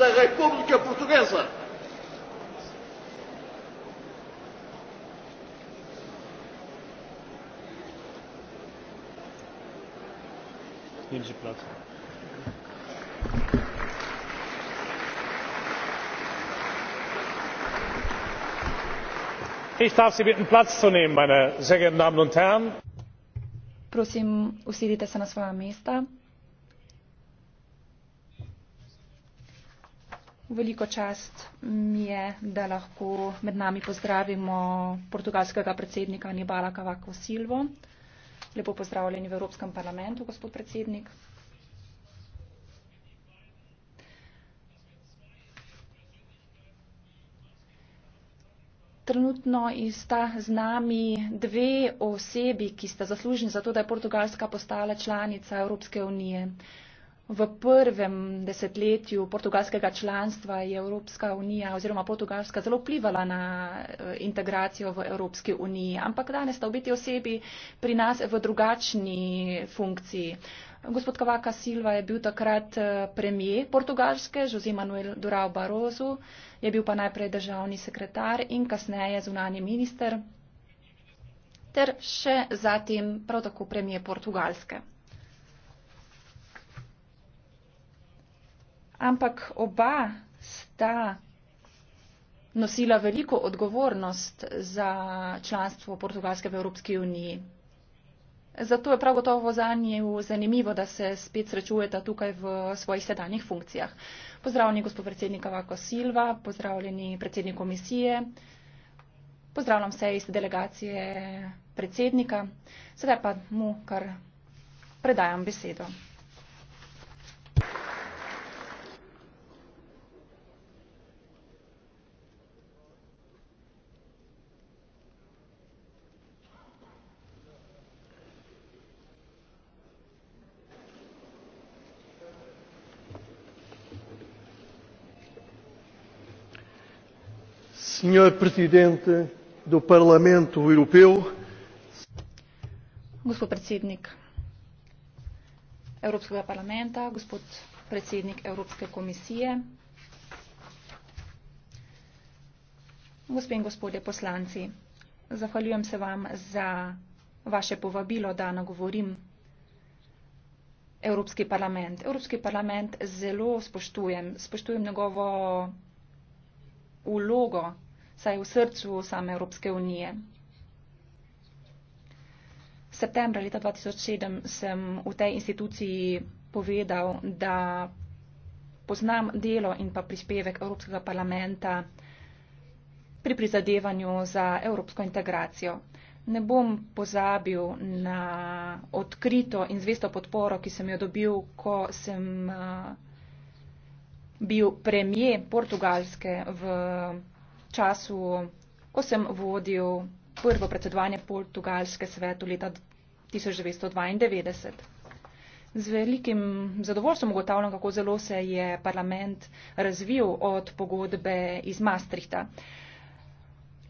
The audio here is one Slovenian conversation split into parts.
da República Portuguesa. Ich darf Sie bitten, Platz zu nehmen, meine sehr geehrten Damen und Herren. Prosim, usedite se na svoja mesta. Veliko čast mi je, da lahko med nami pozdravimo portugalskega predsednika Nibala Kavako Silvo. Lepo pozdravljeni v Evropskem parlamentu, gospod predsednik. Trenutno sta z nami dve osebi, ki sta zaslužni za to, da je Portugalska postala članica Evropske unije. V prvem desetletju portugalskega članstva je Evropska unija oziroma Portugalska zelo vplivala na eh, integracijo v Evropski uniji, ampak danes sta obeti osebi pri nas v drugačni funkciji. Gospod Kavaka Silva je bil takrat eh, premije Portugalske, Jose Manuel Durao Barozu, je bil pa najprej državni sekretar in kasneje zunani minister ter še zatem prav tako premije Portugalske. ampak oba sta nosila veliko odgovornost za članstvo Portugalske v Evropski uniji. Zato je prav gotovo za nje zanimivo, da se spet srečujeta tukaj v svojih sedanjih funkcijah. Pozdravljeni gospod predsednik Avako Silva, pozdravljeni predsednik komisije, pozdravljam vse iz delegacije predsednika. Sedaj pa mu kar predajam besedo. senhor presidente do Parlamento Europeu, gospod predsednik Evropskega parlamenta, gospod predsednik Evropske komisije, gospe in gospodje poslanci, zahvaljujem se vam za vaše povabilo, da nagovorim Evropski parlament. Evropski parlament zelo spoštujem, spoštujem njegovo ulogo saj v srcu same Evropske unije. Septembra leta 2007 sem v tej instituciji povedal, da poznam delo in pa prispevek Evropskega parlamenta pri prizadevanju za evropsko integracijo. Ne bom pozabil na odkrito in zvesto podporo, ki sem jo dobil, ko sem eh, bil premije Portugalske v času, ko sem vodil prvo predsedovanje Portugalske svetu leta 1992. Z velikim zadovoljstvom ugotavljam, kako zelo se je parlament razvil od pogodbe iz Maastrichta.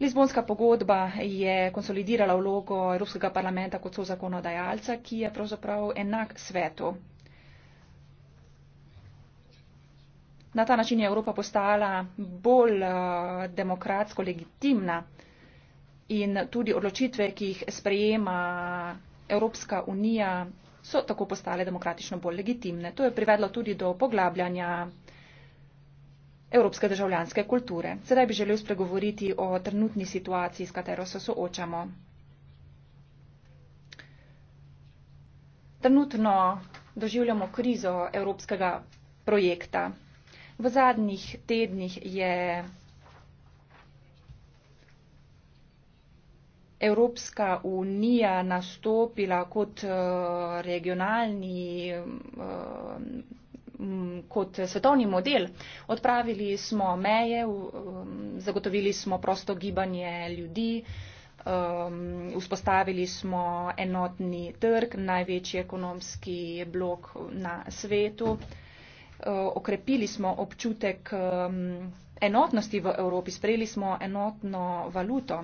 Lizbonska pogodba je konsolidirala vlogo Evropskega parlamenta kot so zakonodajalca, ki je pravzaprav enak svetu. Na ta način je Evropa postala bolj eh, demokratsko legitimna in tudi odločitve, ki jih sprejema Evropska unija, so tako postale demokratično bolj legitimne. To je privedlo tudi do poglabljanja evropske državljanske kulture. Sedaj bi želel spregovoriti o trenutni situaciji, s katero se soočamo. Trenutno doživljamo krizo evropskega projekta. V zadnjih tednih je Evropska unija nastopila kot eh, regionalni, eh, kot svetovni model. Odpravili smo meje, eh, zagotovili smo prosto gibanje ljudi, vzpostavili smo enotni trg, največji ekonomski blok na svetu. Eh, okrepili smo občutek enotnosti v Evropi, sprejeli smo enotno valuto.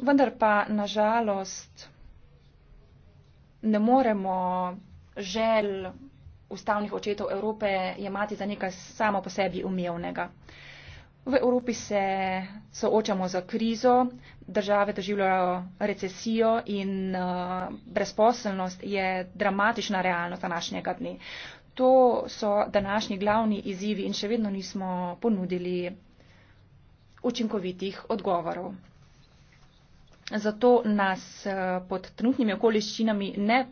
Vendar pa nažalost ne moremo žel ustavnih očetov Evrope jemati za nekaj samo po sebi umevnega. V Evropi se soočamo z krizo, države doživljajo recesijo in uh, brezposelnost je dramatična realnost današnjega dne. To so današnji glavni izzivi in še vedno nismo ponudili učinkovitih odgovorov. Zato nas uh, pod trenutnimi okoliščinami ne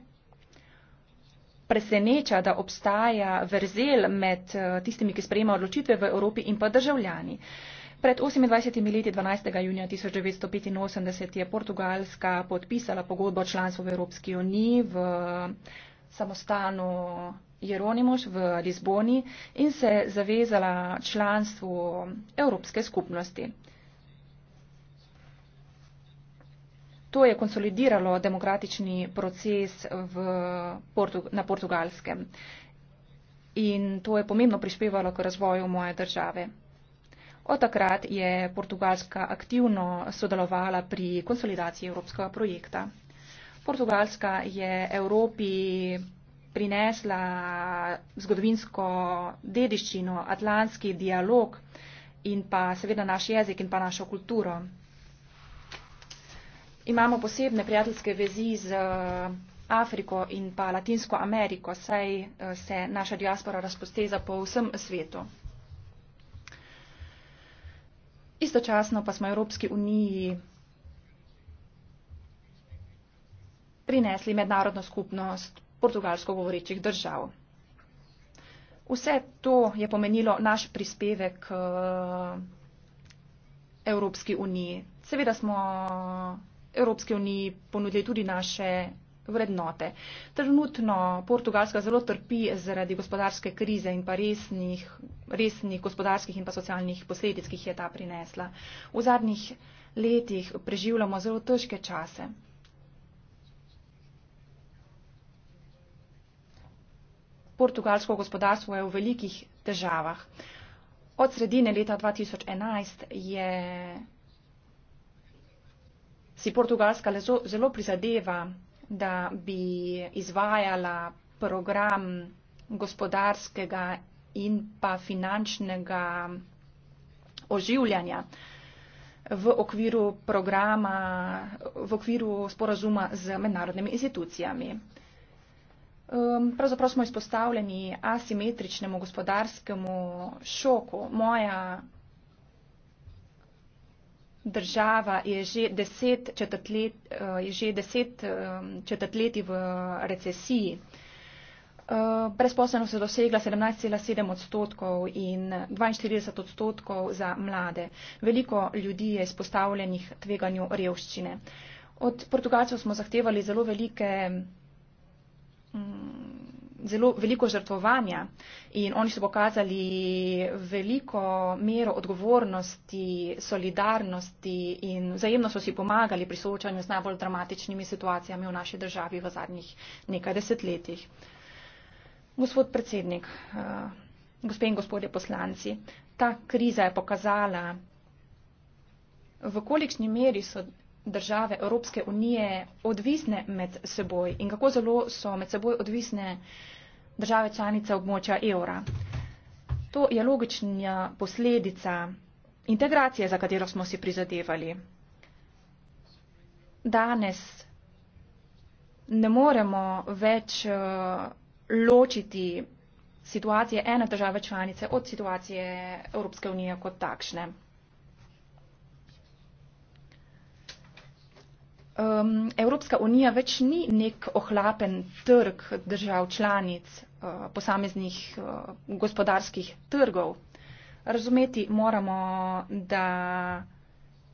preseneča, da obstaja verzel med eh, tistimi, ki sprejema odločitve v Evropi in pa državljani. Pred 28 leti, 12. junija 1985, je Portugalska podpisala pogodbo o članstvu v Evropski uniji v eh, samostanu Jeronimoš v Lizboni in se zavezala članstvu Evropske skupnosti. To je konsolidiralo demokratični proces v Portu, na portugalskem in to je pomembno prispevalo k razvoju moje države. Od takrat je Portugalska aktivno sodelovala pri konsolidaciji evropskega projekta. Portugalska je Evropi prinesla zgodovinsko dediščino, atlantski dialog in pa seveda naš jezik in pa našo kulturo imamo posebne prijateljske vezi z eh, Afriko in pa Latinsko Ameriko, saj eh, se naša diaspora razposteza po vsem svetu. Istočasno pa smo Evropski uniji prinesli mednarodno skupnost portugalsko govorečih držav. Vse to je pomenilo naš prispevek eh, Evropski uniji. Seveda smo Evropske unije ponudili tudi naše vrednote. Trenutno Portugalska zelo trpi zaradi gospodarske krize in pa resnih, resnih gospodarskih in pa socialnih posledic, ki jih je ta prinesla. V zadnjih letih preživljamo zelo težke čase. Portugalsko gospodarstvo je v velikih težavah. Od sredine leta 2011 je si Portugalska zelo, zelo prizadeva, da bi izvajala program gospodarskega in pa finančnega oživljanja v okviru programa, v okviru sporazuma z mednarodnimi institucijami. Um, pravzaprav smo izpostavljeni asimetričnemu gospodarskemu šoku. Moja Država je že deset eh, eh, četrtletij deset, četrtlet v recesiji. Eh, brezposelnost je dosegla 17,7 odstotkov in 42 odstotkov za mlade. Veliko ljudi je izpostavljenih tveganju revščine. Od Portugalcev smo zahtevali zelo velike. Mm, zelo veliko žrtvovanja in oni so pokazali veliko mero odgovornosti, solidarnosti in vzajemno so si pomagali pri soočanju z najbolj dramatičnimi situacijami v naši državi v zadnjih nekaj desetletjih. Gospod predsednik, eh, gospe in gospodje poslanci, ta kriza je pokazala, v kolikšni meri so države Evropske unije odvisne med seboj in kako zelo so med seboj odvisne države članice območja evra. To je logična posledica integracije, za katero smo si prizadevali. Danes ne moremo več eh, ločiti situacije ene države članice od situacije Evropske unije kot takšne. um, Evropska unija več ni nek ohlapen trg držav članic uh, posameznih uh, gospodarskih trgov. Razumeti moramo, da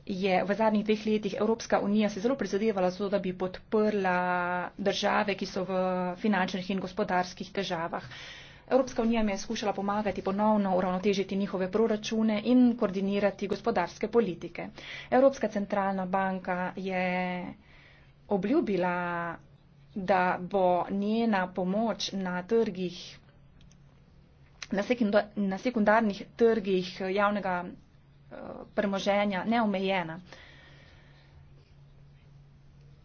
je v zadnjih dveh letih Evropska unija se zelo prizadevala za to, da bi podprla države, ki so v finančnih in gospodarskih težavah. Uh, Evropska unija jim je skušala pomagati ponovno uravnotežiti njihove proračune in koordinirati gospodarske politike. Evropska centralna banka je obljubila, da bo njena pomoč na trgih, na sekundarnih trgih javnega eh, premoženja neomejena.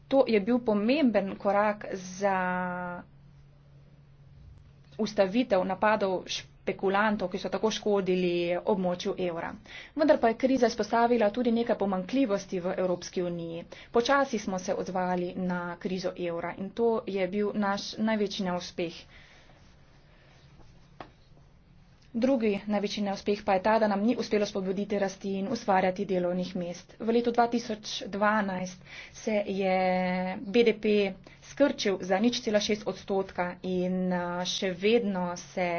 To je bil pomemben korak za ustavitev napadov špekulantov, ki so tako škodili območju evra. Vendar pa je kriza izpostavila tudi nekaj pomankljivosti v Evropski uniji. Počasi smo se odzvali na krizo evra in to je bil naš največji neuspeh. Na Drugi največji neuspeh pa je ta, da nam ni uspelo spodbuditi rasti in ustvarjati delovnih mest. V letu 2012 se je BDP skrčil za nič cela šest odstotka in še vedno se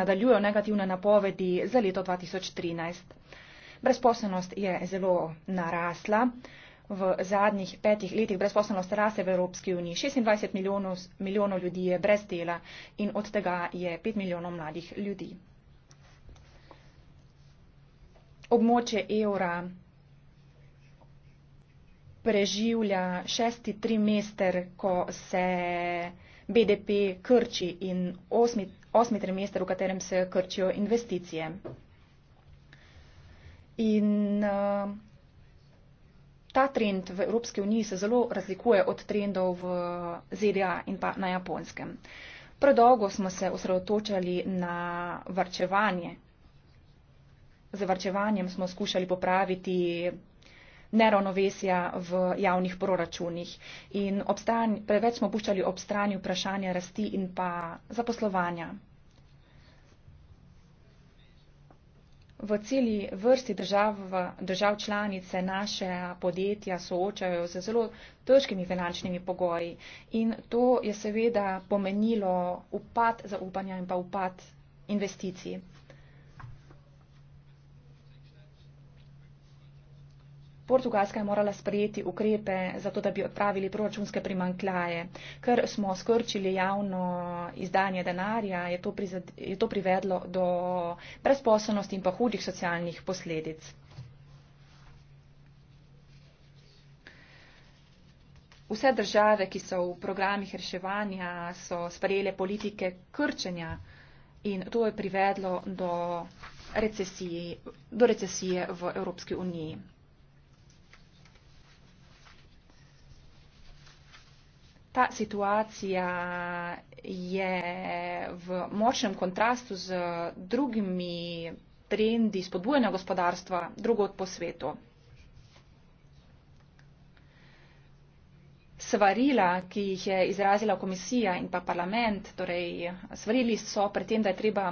nadaljujo negativne napovedi za leto 2013. Brezposobnost je zelo narasla v zadnjih petih letih brezposelnost raste v Evropski uniji. 26 milijonov, milijonov ljudi je brez dela in od tega je 5 milijonov mladih ljudi. Območje evra preživlja šesti trimester, ko se BDP krči in osmi, osmi trimester, v katerem se krčijo investicije. In uh, ta trend v Evropski uniji se zelo razlikuje od trendov v ZDA in pa na japonskem. Predolgo smo se osredotočali na varčevanje. Z varčevanjem smo skušali popraviti neravnovesja v javnih proračunih in obstani, preveč smo puščali ob strani vprašanja rasti in pa zaposlovanja. v celi vrsti držav, držav članice naše podjetja soočajo z zelo težkimi finančnimi pogoji in to je seveda pomenilo upad zaupanja in pa upad investicij. Portugalska je morala sprejeti ukrepe za to, da bi odpravili proračunske primankljaje. Ker smo skrčili javno izdanje denarja, je to, prizad, je to privedlo do brezposobnosti in pa hudih socialnih posledic. Vse države, ki so v programih reševanja, so sprejele politike krčenja in to je privedlo do recesije, do recesije v Evropski uniji. ta situacija je v močnem kontrastu z drugimi trendi spodbujanja gospodarstva drugod po svetu. Svarila, ki jih je izrazila komisija in pa parlament, torej svarili so pred tem, da je treba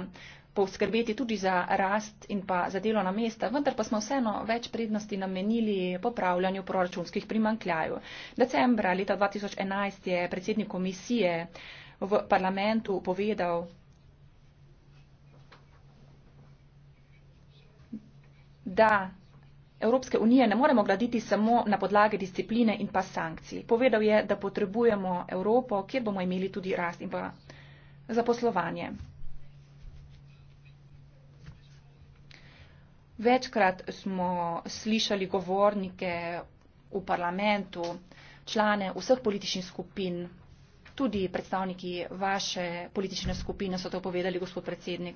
poskrbeti tudi za rast in pa za delo na mesta, vendar pa smo vseeno več prednosti namenili popravljanju proračunskih primankljajev. Decembra leta 2011 je predsednik komisije v parlamentu povedal, da Evropske unije ne moremo graditi samo na podlage discipline in pa sankcij. Povedal je, da potrebujemo Evropo, kjer bomo imeli tudi rast in pa zaposlovanje. Večkrat smo slišali govornike v parlamentu, člane vseh političnih skupin, tudi predstavniki vaše politične skupine so to povedali, gospod predsednik.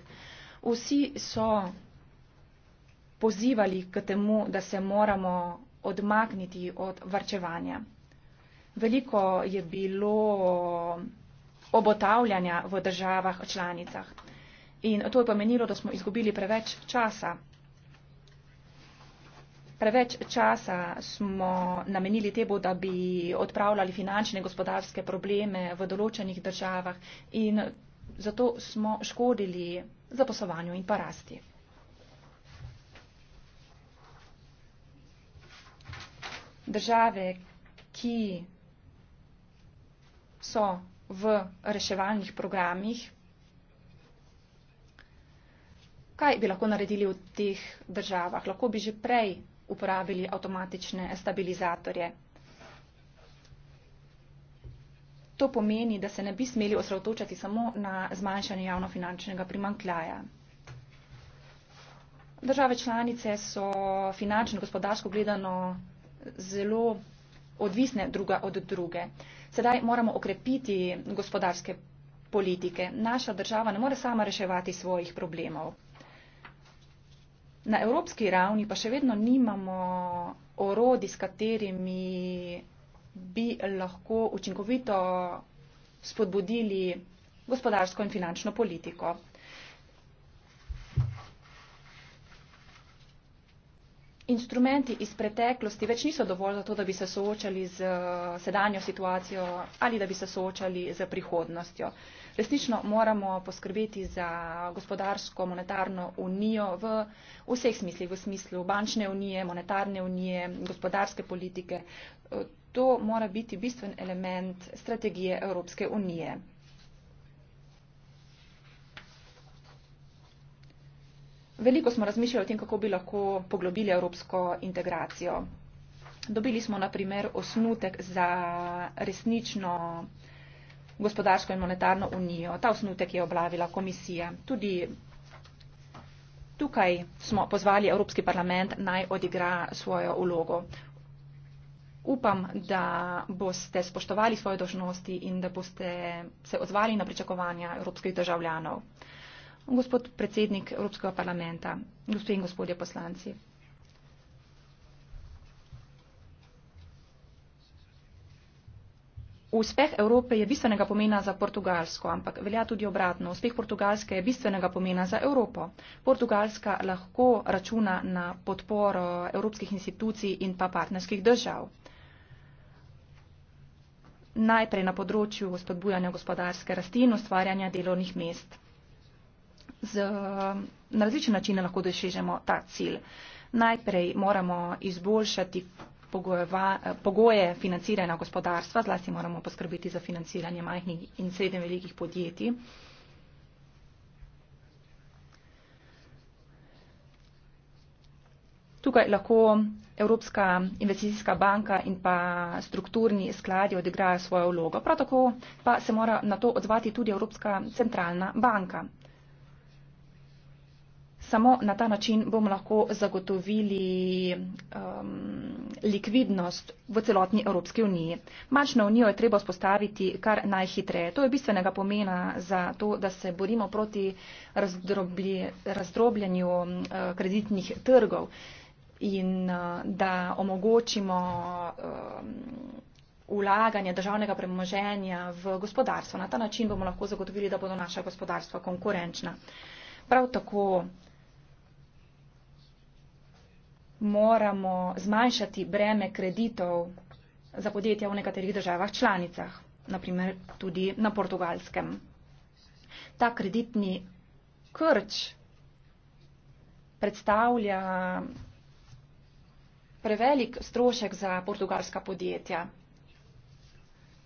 Vsi so pozivali k temu, da se moramo odmakniti od varčevanja. Veliko je bilo obotavljanja v državah članicah. In to je pomenilo, da smo izgubili preveč časa Preveč časa smo namenili temu, da bi odpravljali finančne in gospodarske probleme v določenih državah in zato smo škodili zaposlovanju in pa rasti. Države, ki so v reševalnih programih, kaj bi lahko naredili v teh državah? Lahko bi že prej uporabili avtomatične stabilizatorje. To pomeni, da se ne bi smeli osredotočati samo na zmanjšanje javnofinančnega primankljaja. Države članice so finančno, gospodarsko gledano zelo odvisne druga od druge. Sedaj moramo okrepiti gospodarske politike. Naša država ne more sama reševati svojih problemov na evropski ravni pa še vedno nimamo orodi, s katerimi bi lahko učinkovito spodbudili gospodarsko in finančno politiko. instrumenti iz preteklosti več niso dovolj za to, da bi se soočali z eh, sedanjo situacijo ali da bi se soočali z prihodnostjo. Resnično moramo poskrbeti za gospodarsko monetarno unijo v vseh smislih, v smislu bančne unije, monetarne unije, gospodarske politike. Eh, to mora biti bistven element strategije Evropske unije. Veliko smo razmišljali o tem, kako bi lahko poglobili evropsko integracijo. Dobili smo naprimer osnutek za resnično gospodarsko in monetarno unijo. Ta osnutek je oblavila komisija. Tudi tukaj smo pozvali Evropski parlament naj odigra svojo ulogo. Upam, da boste spoštovali svoje dožnosti in da boste se odzvali na pričakovanja evropskih državljanov gospod predsednik Evropskega parlamenta, gospod in gospodje poslanci. Uspeh Evrope je bistvenega pomena za Portugalsko, ampak velja tudi obratno. Uspeh Portugalske je bistvenega pomena za Evropo. Portugalska lahko računa na podporo evropskih institucij in pa partnerskih držav. Najprej na področju spodbujanja gospodarske rasti in ustvarjanja delovnih mest z, na različne načine lahko dosežemo ta cilj. Najprej moramo izboljšati pogojeva, pogoje financiranja gospodarstva, zlasti moramo poskrbeti za financiranje majhnih in srednje velikih podjetij. Tukaj lahko Evropska investicijska banka in pa strukturni skladi odigrajo svojo vlogo. Prav tako pa se mora na to odzvati tudi Evropska centralna banka. Samo na ta način bomo lahko zagotovili um, likvidnost v celotni Evropski uniji. Mačno unijo je treba spostaviti kar najhitreje. To je bistvenega pomena za to, da se borimo proti razdroblje, razdrobljanju uh, kreditnih trgov in uh, da omogočimo uh, um, ulaganje državnega premoženja v gospodarstvo. Na ta način bomo lahko zagotovili, da bodo naša gospodarstva konkurenčna. Prav tako moramo zmanjšati breme kreditov za podjetja v nekaterih državah članicah, naprimer tudi na portugalskem. Ta kreditni krč predstavlja prevelik strošek za portugalska podjetja.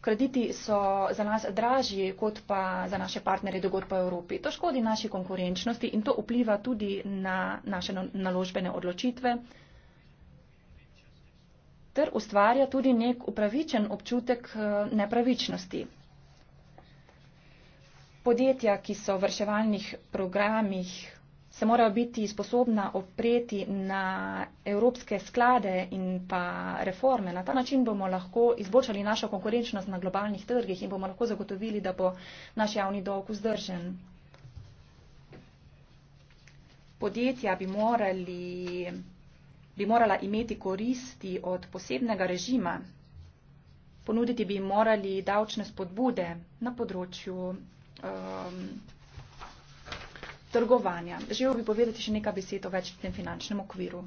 Krediti so za nas dražji kot pa za naše partnerje drugod po Evropi. To škodi naši konkurenčnosti in to vpliva tudi na naše no-, naložbene odločitve ter ustvarja tudi nek upravičen občutek eh, nepravičnosti. Podjetja, ki so v vrševalnih programih se mora biti sposobna opreti na evropske sklade in pa reforme. Na ta način bomo lahko izboljšali našo konkurenčnost na globalnih trgih in bomo lahko zagotovili, da bo naš javni dolg vzdržen. Podjetja bi, morali, bi morala imeti koristi od posebnega režima. Ponuditi bi morali davčne spodbude na področju. Um, trgovanja. Želel bi povedati še nekaj besed o več tem finančnem okviru.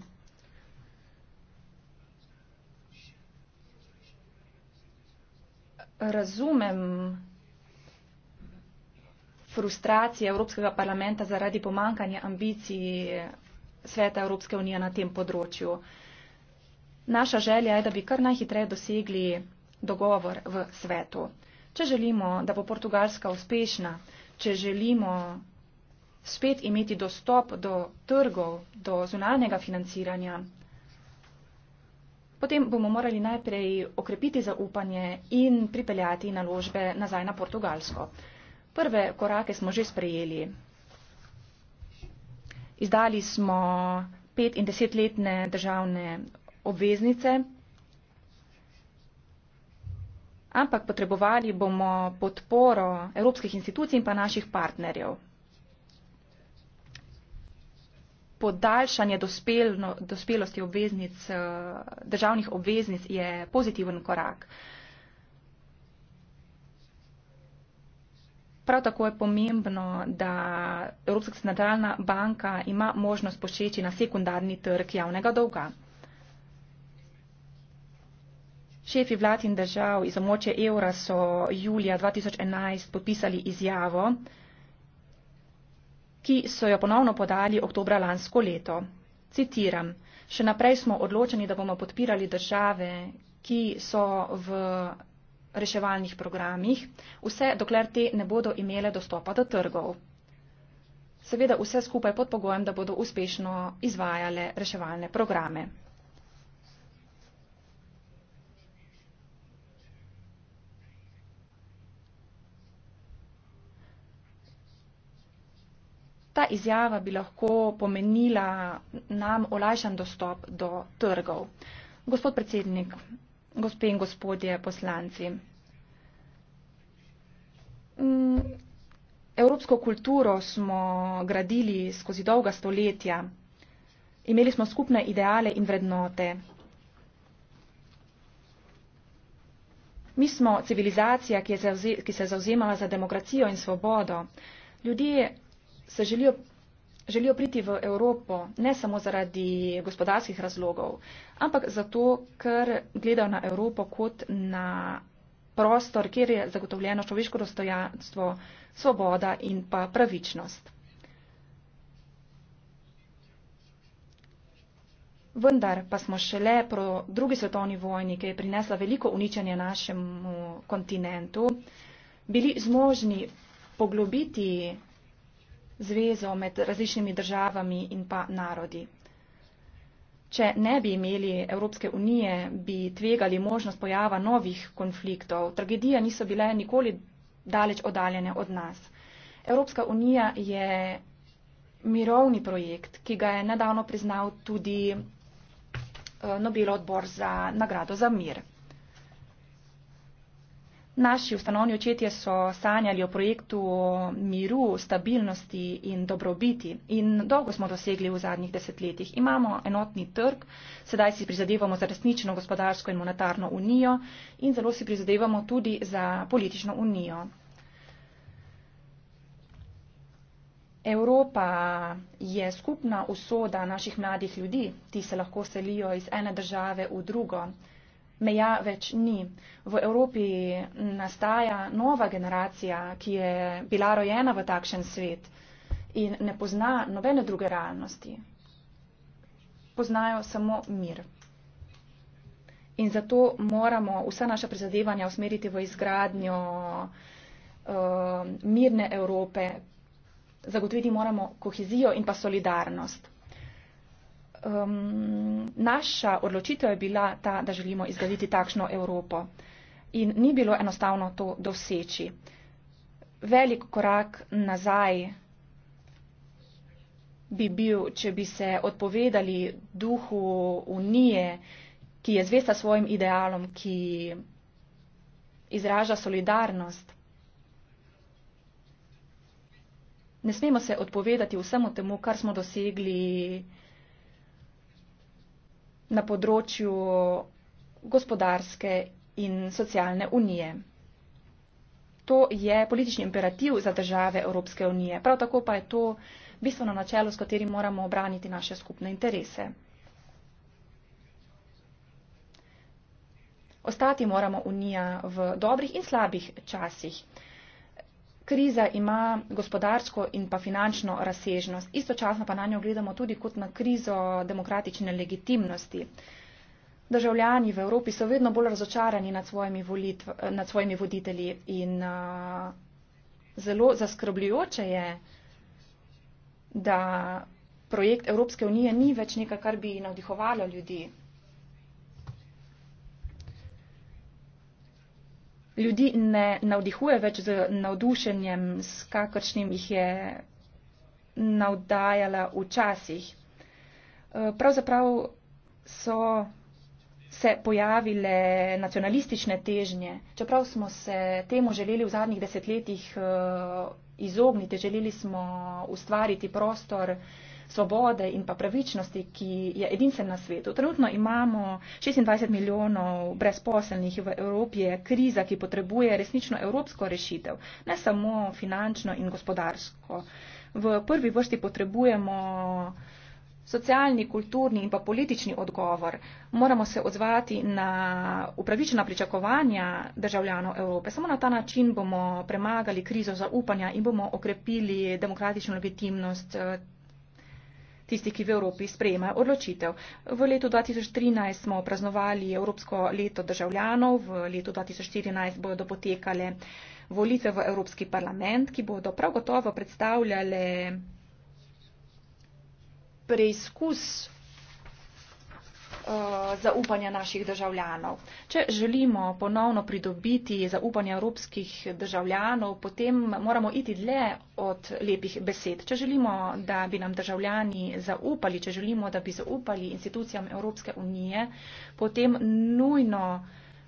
Razumem frustracije Evropskega parlamenta zaradi pomankanja ambicij Sveta Evropske unije na tem področju. Naša želja je, da bi kar najhitreje dosegli dogovor v svetu. Če želimo, da bo Portugalska uspešna, če želimo, spet imeti dostop do trgov, do zunanjega financiranja. Potem bomo morali najprej okrepiti zaupanje in pripeljati naložbe nazaj na Portugalsko. Prve korake smo že sprejeli. Izdali smo pet in desetletne državne obveznice, ampak potrebovali bomo podporo evropskih institucij in pa naših partnerjev. podaljšanje dospelno, dospelosti obveznic, eh, državnih obveznic je pozitiven korak. Prav tako je pomembno, da Evropska centralna banka ima možnost pošeči na sekundarni trg javnega dolga. Šefi vlad in držav iz območja evra so julija 2011 podpisali izjavo, ki so jo ponovno podali oktobra lansko leto. Citiram, še naprej smo odločeni, da bomo podpirali države, ki so v reševalnih programih, vse dokler te ne bodo imele dostopa do trgov. Seveda vse skupaj pod pogojem, da bodo uspešno izvajale reševalne programe. ta izjava bi lahko pomenila nam olajšan dostop do trgov. Gospod predsednik, gospe in gospodje poslanci, mm, evropsko kulturo smo gradili skozi dolga stoletja. Imeli smo skupne ideale in vrednote. Mi smo civilizacija, ki se je zauzemala za demokracijo in svobodo. Ljudje se želijo, želijo priti v Evropo ne samo zaradi gospodarskih razlogov, ampak zato, ker gledajo na Evropo kot na prostor, kjer je zagotovljeno človeško dostojanstvo, svoboda in pa pravičnost. Vendar pa smo šele po drugi svetovni vojni, ki je prinesla veliko uničenje našemu kontinentu, bili zmožni poglobiti zvezo med različnimi državami in pa narodi. Če ne bi imeli Evropske unije, bi tvegali možnost pojava novih konfliktov. Tragedije niso bile nikoli daleč oddaljene od nas. Evropska unija je mirovni projekt, ki ga je nedavno priznal tudi eh, Nobel odbor za nagrado za mir. Naši ustanovni očetje so sanjali o projektu miru, stabilnosti in dobrobiti in dolgo smo dosegli v zadnjih desetletjih. Imamo enotni trg, sedaj si prizadevamo za resnično gospodarsko in monetarno unijo in zelo si prizadevamo tudi za politično unijo. Evropa je skupna usoda naših mladih ljudi, ti se lahko selijo iz ene države v drugo meja več ni. V Evropi nastaja nova generacija, ki je bila rojena v takšen svet in ne pozna nobene druge realnosti. Poznajo samo mir. In zato moramo vsa naša prizadevanja usmeriti v izgradnjo uh, mirne Evrope. Zagotoviti moramo kohezijo in pa solidarnost um, naša odločitev je bila ta, da želimo izgraditi takšno Evropo. In ni bilo enostavno to doseči. Velik korak nazaj bi bil, če bi se odpovedali duhu Unije, ki je zvesta svojim idealom, ki izraža solidarnost. Ne smemo se odpovedati vsemu temu, kar smo dosegli na področju gospodarske in socialne unije. To je politični imperativ za države Evropske unije. Prav tako pa je to bistveno načelo, s katerim moramo obraniti naše skupne interese. Ostati moramo unija v dobrih in slabih časih kriza ima gospodarsko in pa finančno razsežnost. Istočasno pa na njo gledamo tudi kot na krizo demokratične legitimnosti. Državljani v Evropi so vedno bolj razočarani nad svojimi, volitv, nad svojimi voditelji in uh, zelo zaskrbljujoče je, da projekt Evropske unije ni več nekaj, kar bi navdihovalo ljudi. ljudi ne navdihuje več z navdušenjem, s kakršnim jih je navdajala včasih. E, pravzaprav so se pojavile nacionalistične težnje, čeprav smo se temu želeli v zadnjih desetletjih e, izogniti, želeli smo ustvariti prostor, svobode in pa pravičnosti, ki je edinstven na svetu. Trenutno imamo 26 milijonov brezposelnih v Evropi, je kriza, ki potrebuje resnično evropsko rešitev, ne samo finančno in gospodarsko. V prvi vrsti potrebujemo socialni, kulturni in pa politični odgovor. Moramo se odzvati na upravičena pričakovanja državljanov Evrope. Samo na ta način bomo premagali krizo zaupanja in bomo okrepili demokratično legitimnost eh, tisti, ki v Evropi sprejema odločitev. V letu 2013 smo praznovali Evropsko leto državljanov, v letu 2014 bodo potekale volitve v Evropski parlament, ki bodo prav gotovo predstavljale preizkus Eh, zaupanja naših državljanov. Če želimo ponovno pridobiti zaupanje evropskih državljanov, potem moramo iti dlje od lepih besed. Če želimo, da bi nam državljani zaupali, če želimo, da bi zaupali institucijam Evropske unije, potem nujno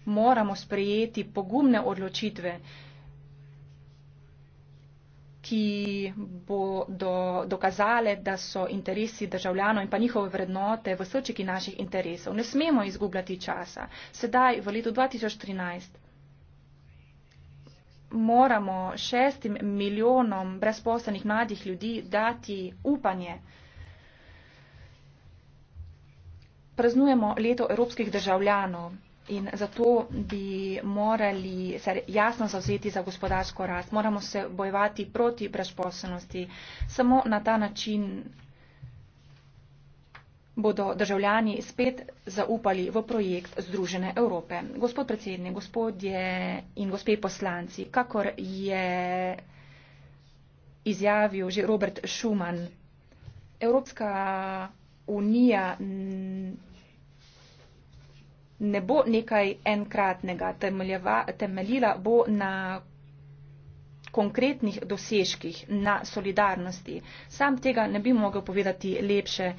moramo sprejeti pogumne odločitve, ki bodo dokazale, da so interesi državljanov in pa njihove vrednote v srčiki naših interesov. Ne smemo izgubljati časa. Sedaj, v letu 2013, moramo šestim milijonom brezposlenih mladih ljudi dati upanje. Praznujemo leto evropskih državljanov. In zato bi morali se jasno zavzeti za gospodarsko rast. Moramo se bojevati proti brezposelnosti. Samo na ta način bodo državljani spet zaupali v projekt Združene Evrope. Gospod predsednik, gospodje in gospe poslanci, kakor je izjavil že Robert Schuman, Evropska unija ne bo nekaj enkratnega, temeljeva, temeljila bo na konkretnih dosežkih, na solidarnosti. Sam tega ne bi mogel povedati lepše,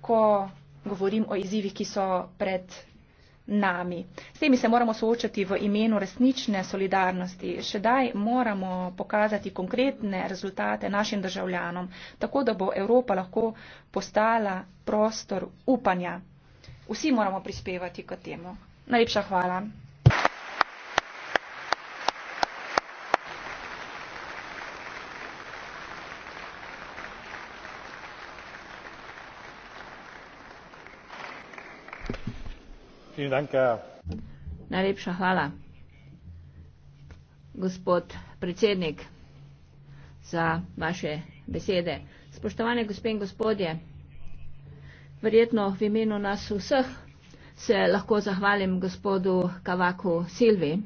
ko govorim o izzivih, ki so pred nami. S temi se moramo soočati v imenu resnične solidarnosti. Še daj moramo pokazati konkretne rezultate našim državljanom, tako da bo Evropa lahko postala prostor upanja vsi moramo prispevati k temu. Najlepša hvala. Najlepša hvala, gospod predsednik, za vaše besede. Spoštovane gospe in gospodje, verjetno v imenu nas vseh se lahko zahvalim gospodu Kavaku Silvi.